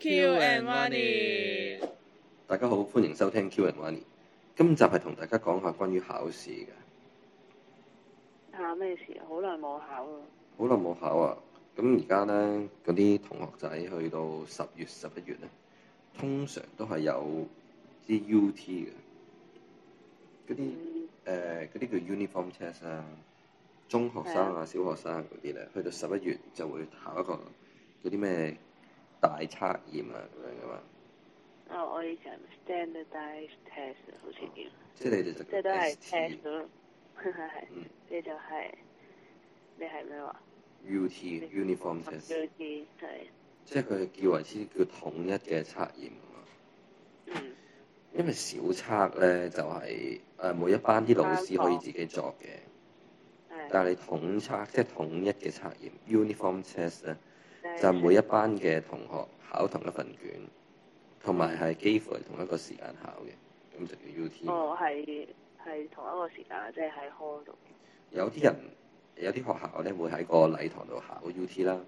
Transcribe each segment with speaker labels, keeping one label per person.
Speaker 1: Q and
Speaker 2: Money，大家好，歡迎收聽 Q and Money。今集係同大家講下關於考試嘅。考
Speaker 1: 咩、
Speaker 2: 啊、事？好耐冇考啊。好耐冇考啊！咁而家咧，嗰啲同學仔去到十月、十一月咧，通常都係有啲 UT 嘅。嗰啲誒，啲、嗯呃、叫 uniform test 啊，中學生啊、的小學生嗰啲咧，去到十一月就會考一個嗰啲咩？大測驗啊，咁樣噶嘛？哦，我
Speaker 1: 以前 standardized test，
Speaker 2: 好似叫，即係你哋就即係 test 咗咯，係係係。嗯。你
Speaker 1: 就係你係咩
Speaker 2: 話？U T uniform test。UT，即係佢叫為先叫統一嘅測驗啊嘛。嗯。因為小測咧就係誒每一班啲老師可以自己作嘅，但係你統測即係統一嘅測驗，uniform test 咧。就每一班嘅同學考同一份卷，同埋係幾乎係同一個時間考嘅，咁就叫 UT。哦，係係
Speaker 1: 同一個時間，即係喺 hall 度。
Speaker 2: 有啲人有啲學校咧會喺個禮堂度考 UT 啦。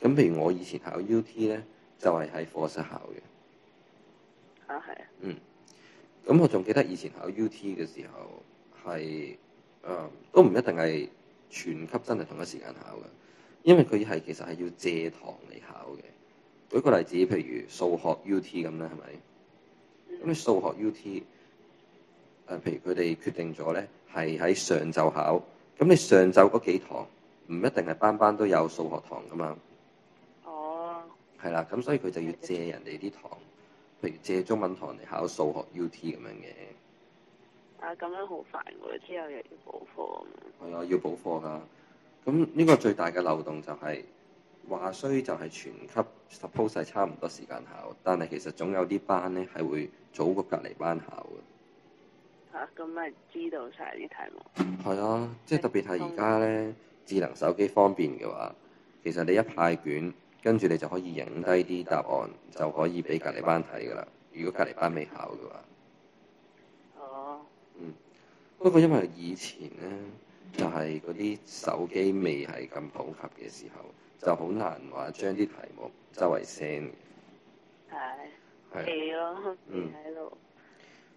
Speaker 2: 咁譬如我以前考 UT 咧，就係、是、喺課室考嘅。
Speaker 1: 啊，係啊。
Speaker 2: 嗯。咁我仲記得以前考 UT 嘅時候係、誒、都唔一定係全級真係同一時間考嘅。因為佢係其實係要借堂嚟考嘅。舉個例子，譬如數學 UT 咁啦，係咪？咁、嗯、你數學 UT，誒、啊，譬如佢哋決定咗咧，係喺上晝考。咁你上晝嗰幾堂，唔一定係班班都有數學堂㗎嘛。哦。係啦，咁所以佢就要借人哋啲堂，譬如借中文堂嚟考數學 UT 咁樣嘅。啊，咁樣
Speaker 1: 好
Speaker 2: 煩喎！之後又要補課。係啊，要補課㗎。咁呢個最大嘅漏洞就係、是、話雖就係全級 suppose 曬差唔多時間考，但係其實總有啲班咧係會早過隔離班考嘅。
Speaker 1: 嚇、啊，咁咪知道
Speaker 2: 晒啲題目？係啊，即、就、係、是、特別係而家咧，智能手機方便嘅話，其實你一派卷，跟住你就可以影低啲答案，就可以俾隔離班睇㗎喇。如果隔離班未考嘅話，哦，嗯，不過因為以前咧，就係嗰啲手機未係咁普及嘅時候，就好難話將啲題目周圍 send。係、啊。記喺度。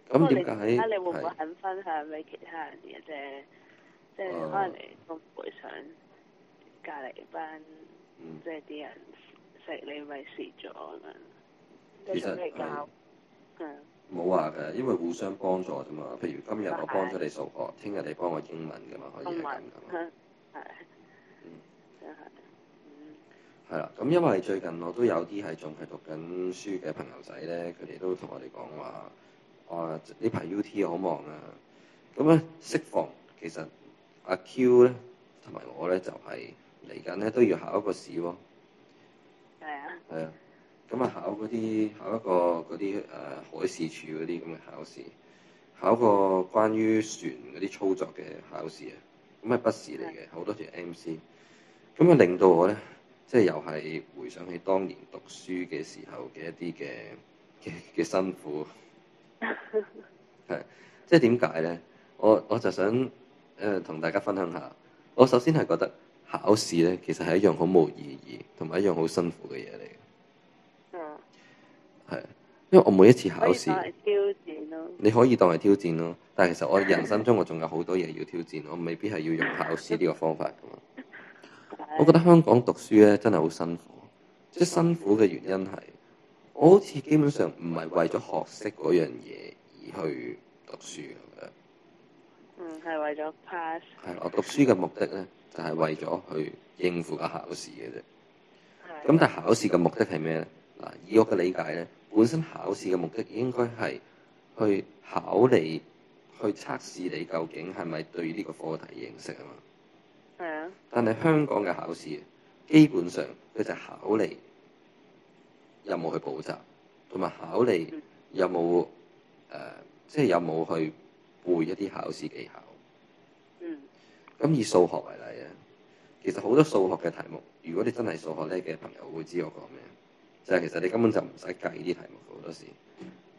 Speaker 2: 咁
Speaker 1: 點解？看看你
Speaker 2: 會唔會肯分享俾其他人嘅啫？啊、即係可能你都唔
Speaker 1: 會想隔離一班，嗯、即係啲人食你咪蝕咗啦。其實。嗯、啊。
Speaker 2: 冇話嘅，因為互相幫助啫嘛。譬如今日我幫咗你數學，聽日的你幫我英文嘅嘛，可以
Speaker 1: 咁樣。
Speaker 2: 係啦的，咁、嗯嗯、因為最近我都有啲係仲係讀緊書嘅朋友仔咧，佢哋都同我哋講話，我呢排 UT 好忙啊。咁咧釋放，其實阿 Q 咧同埋我咧就係嚟緊咧都要考一個試喎。係啊。係啊的。咁啊，考嗰啲考一個嗰啲誒，海事處嗰啲咁嘅考試，考個關於船嗰啲操作嘅考試啊，咁係筆試嚟嘅，的好多條 MC。咁啊，令到我咧，即係又係回想起當年讀書嘅時候嘅一啲嘅嘅嘅辛苦，係即係點解咧？我我就想誒同大家分享下，我首先係覺得考試咧其實係一樣好冇意義同埋一樣好辛苦嘅嘢，嚟嘅。係，因為我每一次考試，可以當係挑戰咯，你可以當係挑戰咯。你可以當係挑戰咯，但係其實我人生中我仲有好多嘢要挑戰，我未必係要用考試呢個方法噶嘛。 我覺得香港讀書咧真係好辛苦，即係辛苦嘅原因係，我好似基本上唔係為咗學識嗰樣嘢而去讀書嘅。嗯，係為
Speaker 1: 咗
Speaker 2: pass。係，我讀書嘅目的咧就係為咗去應付個考試嘅啫。咁 但係考試嘅目的係咩咧？嗱，以我嘅理解咧。本身考試嘅目的應該係去考你，去測試你究竟係咪對呢個課題認識啊嘛。係啊的。但係香港嘅考試，基本上佢就考你有冇去補習，同埋考你有冇誒，即係、嗯呃就是、有冇去背一啲考試技巧。嗯。咁以數學為例啊，其實好多數學嘅題目，如果你真係數學叻嘅朋友，會知我講咩。就係其實你根本就唔使計啲題目好多時，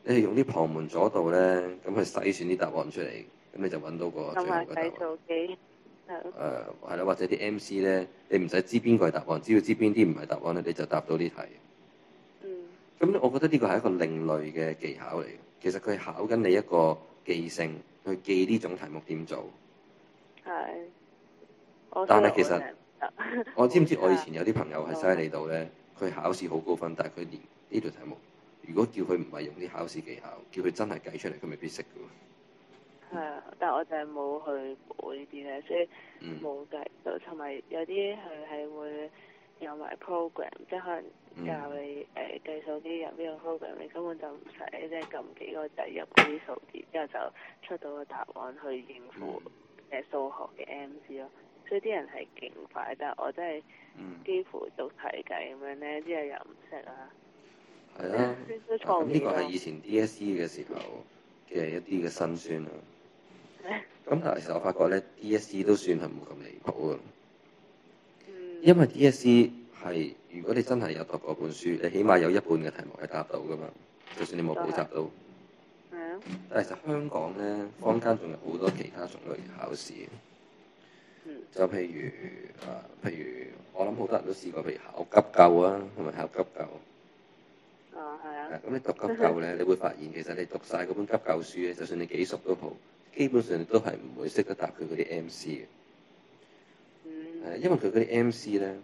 Speaker 2: 你係用啲旁門左道咧，咁去篩選啲答案出嚟，咁你就揾到個正確嘅
Speaker 1: 答案。
Speaker 2: uh，係啦，或者啲 MC 咧，你唔使知邊個係答案，只要知邊啲唔係答案咧，你就答到啲題。嗯。咁我覺得呢個係一個另類嘅技巧嚟嘅，其實佢考緊你一個記性，去記呢種題目點做。
Speaker 1: 係。我,但係其實我知唔知？我
Speaker 2: 知唔知？我,知我以前有啲朋友喺西利度咧。佢考試好高分，但係佢連呢度題目，如果叫佢唔係用啲考試技巧，叫佢真係計出嚟，佢未必識㗎喎。
Speaker 1: 係啊，但係我就係冇去補啲咧，所以冇計到。同埋有啲佢係會有埋 program，即係可能教你誒計數機入邊個 program，你根本就唔使即係撳幾個掣入嗰啲數字，之後就出到個答案去應付誒數學嘅 MC 咯。所以啲
Speaker 2: 人係勁快，但係我真係幾乎讀題計咁樣咧，啲嘢又唔識啦。係啊，呢、啊啊、個係以前 DSE 嘅時候嘅一啲嘅辛酸啦、啊。係
Speaker 1: 麼。
Speaker 2: 咁但係其實我發覺咧，DSE 都算係冇咁離譜啊。嗯、因為 DSE 係如果你真係有讀嗰本書，你起碼有一半嘅題目係答到噶嘛。就算你冇補習到。係啊。嗯、但係其實香港咧，坊間仲有好多其他種類的考試。就譬如啊，譬如我諗好多人都試過，譬如考急救啊，同埋考急救。
Speaker 1: 哦、啊，係啊。咁你讀急救咧，
Speaker 2: 的你會發現其實你讀晒嗰本急救書咧，就算你幾熟都好，基本上你都係唔會識得答佢嗰啲 MC 嘅。嗯。誒、啊，因為佢嗰啲 MC 咧，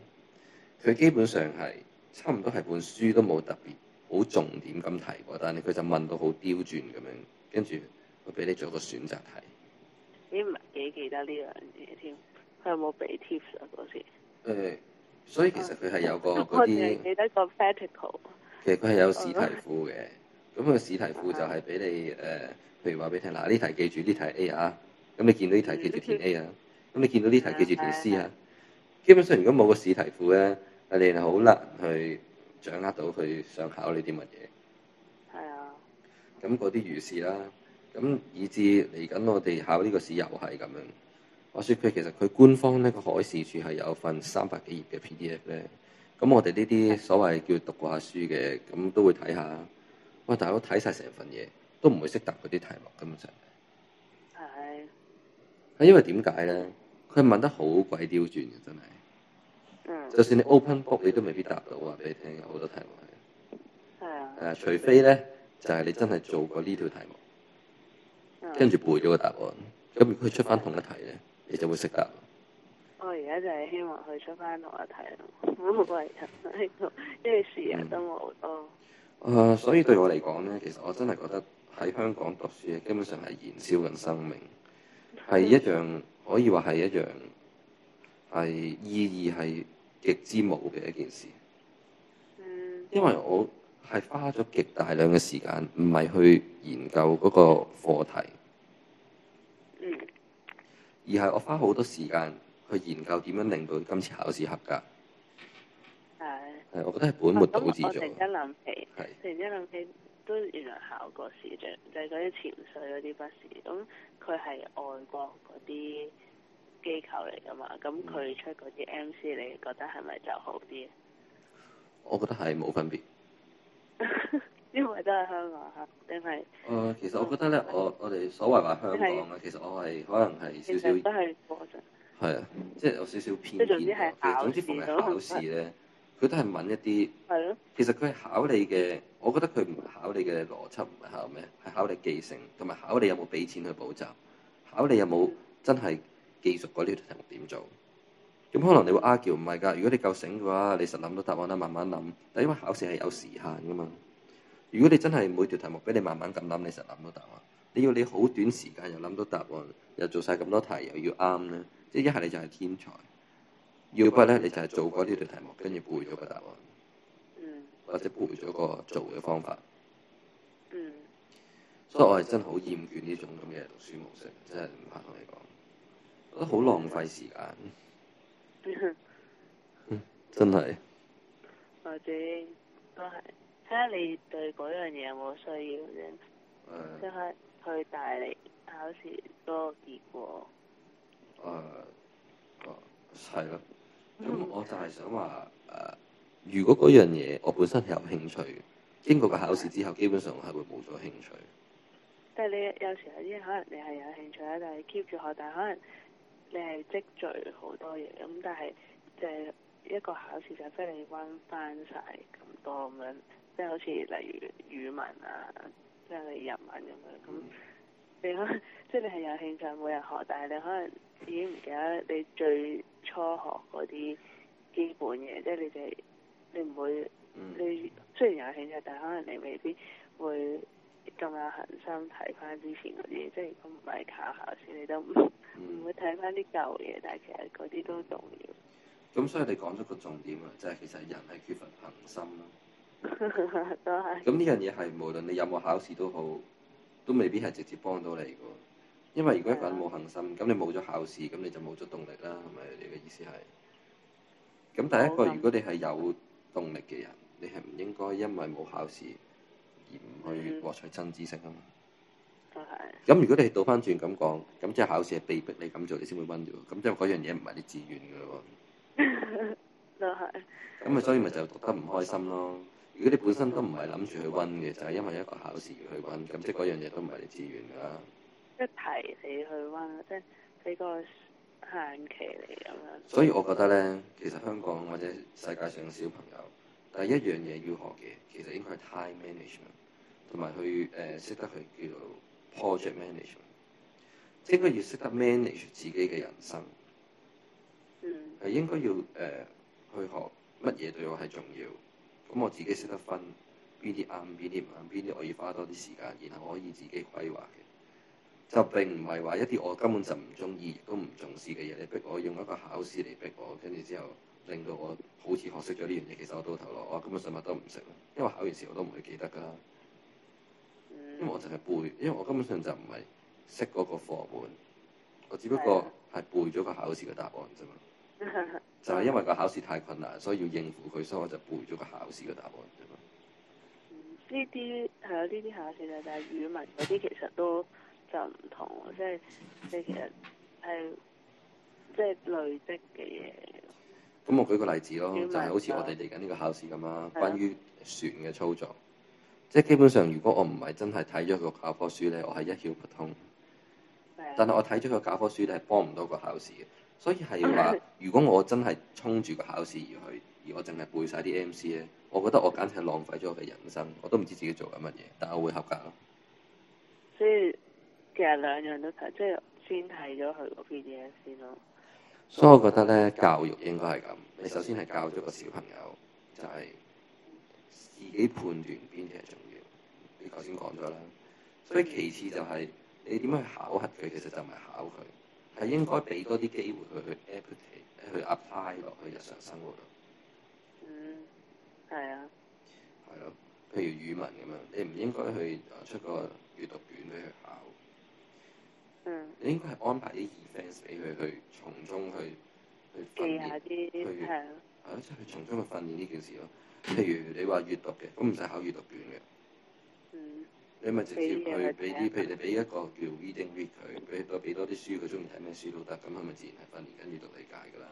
Speaker 2: 佢基本上係差唔多係本書都冇特別好重點咁提過，但係佢就問到好刁鑽咁樣，跟住我俾你做一個選擇題。你唔係幾記得呢樣
Speaker 1: 嘢添？
Speaker 2: 佢有冇俾 tips 啊嗰時？誒，所以其實佢係有個嗰啲，記得個
Speaker 1: factual。
Speaker 2: 其實佢係有試題庫嘅，咁、佢個試題庫就係俾你誒、呃，譬如話俾你聽，嗱、啊、呢題記住呢題 A 啊，咁你見到呢題記住填 A 啊，咁你見到呢題記住填、啊啊、C 啊。基本上，如果冇個試題庫咧，你係好難去掌握到佢想考你啲乜嘢。係啊。咁嗰啲如是啦，咁以至嚟緊我哋考呢個試又係咁樣。我說佢其實佢官方呢個海事處係有份三百幾頁嘅 PDF 呢，咁我哋呢啲所謂叫讀過下書嘅，咁都會睇下。哇！大佬睇曬成份嘢，都唔會識答嗰啲題目嘅嘛、根本就係的，真係。係、嗯。係因為點解呢？佢問得好鬼刁轉，真係。就算你 open book 你都未必答到啊！俾你聽，好多題目係。係的除非呢，就係、是、你真係做過呢條題目，
Speaker 1: 跟
Speaker 2: 住、嗯、背咗個答案，咁如果佢出翻同一題呢？你就會識㗎。我而家就
Speaker 1: 係希望佢出翻我睇咯，我都冇過嚟睇，
Speaker 2: 因為時日都冇多。啊，所以對我嚟講咧，其實我真係覺得喺香港讀書，基本上係燃燒緊生命，係一樣可以話係一樣係意義係極之冇嘅一件事。嗯。因為我係花咗極大量嘅時間，唔係去研究嗰個課題。而係我花好多時間去研究點樣令到佢今次考試合格。係，係，我覺得係本末倒置咗。咁我突然之間
Speaker 1: 諗起，突然之間諗起都原來考過試嘅，就係嗰啲潛水嗰啲筆試。咁佢係外國嗰啲機構嚟㗎嘛？咁佢出嗰啲 MC，你覺得係咪就好啲？
Speaker 2: 我覺得係冇分別。因為都係香港嚇，定係誒？其實我覺得咧，我我哋所謂話香港嘅，其實我係可能係少少都係補習，係啊，即係有少少偏見嘅。總之，逢係考試咧，佢的都係問一啲係咯。的其實佢考你嘅，我覺得佢唔考你嘅邏輯，唔係考咩，係考你記性，同埋考你有冇俾錢去補習，考你有冇真係記熟嗰啲題目點做。咁可能你會阿嬌唔係㗎，如果你夠醒嘅話，你實諗到答案啦，慢慢諗。但因為考試係有時限㗎嘛。如果你真係每條題目畀你慢慢咁諗，你實諗到答案。你要你好短時間又諗到答案，又做晒咁多題又要啱咧，即係一係你就係天才，要不咧你就係做過呢條題目，跟住背咗個答案，或者背咗個做嘅方法。嗯。
Speaker 1: 所以我係真係
Speaker 2: 好厭倦呢種咁嘅讀書模式，真係唔怕同你講，
Speaker 1: 覺得好
Speaker 2: 浪費時間。嗯，真係。
Speaker 1: 或者都係。睇你對嗰樣嘢有冇需要啫，即係、嗯、去
Speaker 2: 大理考試嗰個結果。係咯、嗯，咁、嗯、我就係想話誒，如果嗰樣嘢我本身係有興趣，經過個考試之後，基本上係會冇咗興趣。
Speaker 1: 即係你有時候有啲可能你係有興趣啦，但係 keep 住學，但係可能你係積聚好多嘢，咁但係就一個考試就俾你溫翻晒咁多咁樣。即係好似例如語文啊，即係例如日文咁樣咁，你可能、嗯、即係你係有興趣每日學，但係你可能已經唔記得你最初學嗰啲基本嘢，即係你哋、就是、你唔會，嗯、你雖然有興趣，但係可能你未必會咁有恒心睇翻之前嗰啲嘢。即係如果唔係考考試，你都唔、嗯、會睇翻啲舊嘢。但係其實嗰啲都重要。
Speaker 2: 咁所以你講咗個重點啊，就係其實人係缺乏恒心咯。
Speaker 1: 都係是。咁呢樣嘢
Speaker 2: 係無論你有冇考試都好，都未必係直接幫到你噶。因為如果一個人冇恒心，咁的你冇咗考試，咁你就冇咗動力啦。係咪你嘅意思係？咁第一個，如果你係有動力嘅人，你係唔應該因為冇考試而唔去獲取真知識啊嘛。嗯、都係。咁如果你倒翻轉咁講，咁即係考試係被迫你咁做，你先會溫咗。咁即係嗰樣嘢唔係你自願噶咯。都係
Speaker 1: 是。咁
Speaker 2: 咪，所以咪就讀得唔開心咯。如果你本身都唔係諗住去溫嘅，就係、是、因為一個考試要去溫，咁即係嗰樣嘢都唔係你自願噶。即係提你去
Speaker 1: 溫，即係呢個限期嚟咁樣。所以
Speaker 2: 我覺得咧，其實香港或者世界上小朋友，第一樣嘢要學嘅，其實應該係 time management，同埋去誒識、呃、得去叫做 project management，即係應該要識得 manage 自己嘅人生。嗯。係應該要誒去學乜嘢對我係重要？咁我自己識得分邊啲啱，邊啲唔啱，邊啲我要花多啲時間，然後可以自己規劃嘅。就並唔係話一啲我根本就唔中意，亦都唔重視嘅嘢，你逼我用一個考試嚟逼我，跟住之後令到我好似學識咗呢樣嘢，其實我到頭來我根本上乜都唔識，因為考完試我都唔會記得噶，嗯、因為我就係背，因為我根本上就唔係識嗰個課本，我只不過係背咗個考試嘅答案啫嘛。嗯 就係因為個考試太困難，所以要應付佢，所以我就背咗個考試嘅答案啫嘛。呢
Speaker 1: 啲係啊，呢啲考試咧就係語文嗰啲，其
Speaker 2: 實都就唔同，即係你其實係即係累積嘅嘢。咁我舉個例子咯，就係好似我哋嚟緊呢個考試咁啦，的關於船嘅操作，即係基本上如果我唔係真係睇咗個教科書咧，我係一竅不通。是的但係我睇咗個教科書咧，係幫唔到個考試嘅。所以係話，如果我真係衝住個考試而去，而我淨係背晒啲 MC 咧，我覺得我簡直係浪費咗我嘅人生，我都唔知自己做緊乜嘢，但我會合格咯。所以其實兩樣都睇，即係先睇咗佢邊啲嘢
Speaker 1: 先咯。
Speaker 2: 所以我覺得咧，教，教育應該係咁，你首先係教咗個小朋友就係、是、自己判斷邊啲係重要，你頭先講咗啦。所以其次就係你點樣去考核佢，其實就唔係考佢。係應該俾多啲機會佢去 appreciate 去 apply 落去日常生活度。嗯，係啊。係咯，譬如語文咁樣，你唔應該去出個閱讀卷俾佢考。
Speaker 1: 嗯。你
Speaker 2: 應該係安排啲 events 俾佢去從中去去訓練。
Speaker 1: 記下啲，
Speaker 2: 係啊。係咯，即係去從中去訓練呢件事咯。譬如你話閱讀嘅，我唔使考閱讀卷嘅。嗯。你咪直接去俾啲，譬的如你俾一個叫 reading read 佢，俾多俾多啲書，佢中意睇咩書都得，咁係咪自然係訓練緊閱讀理解噶啦？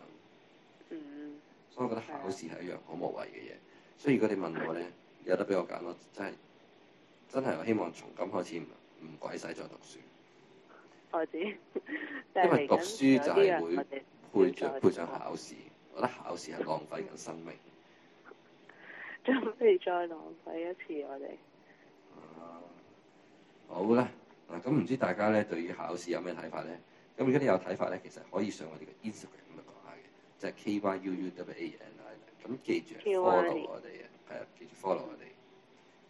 Speaker 2: 嗯，所以我覺得考試係一樣好無謂嘅嘢。嗯、所以如果你問我咧，嗯、有得俾我揀咯，真係真係我希望從今開始唔鬼使再讀書。
Speaker 1: 開始，因為讀書就係會配著配
Speaker 2: 上考試，我，我覺得考試係浪費緊生命。
Speaker 1: 準備再浪費一次我哋。啊
Speaker 2: 好啦，嗱咁唔知大家咧對於考試有咩睇法咧？咁如果你有睇法咧，其實可以上我哋嘅 Instagram 咁嚟講下嘅，就係 kyuuwanin 咁記住 follow 我哋啊，係啊，記住 follow 我哋。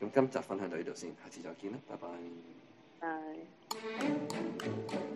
Speaker 2: 咁今集分享到呢度先，下次再見啦，拜拜。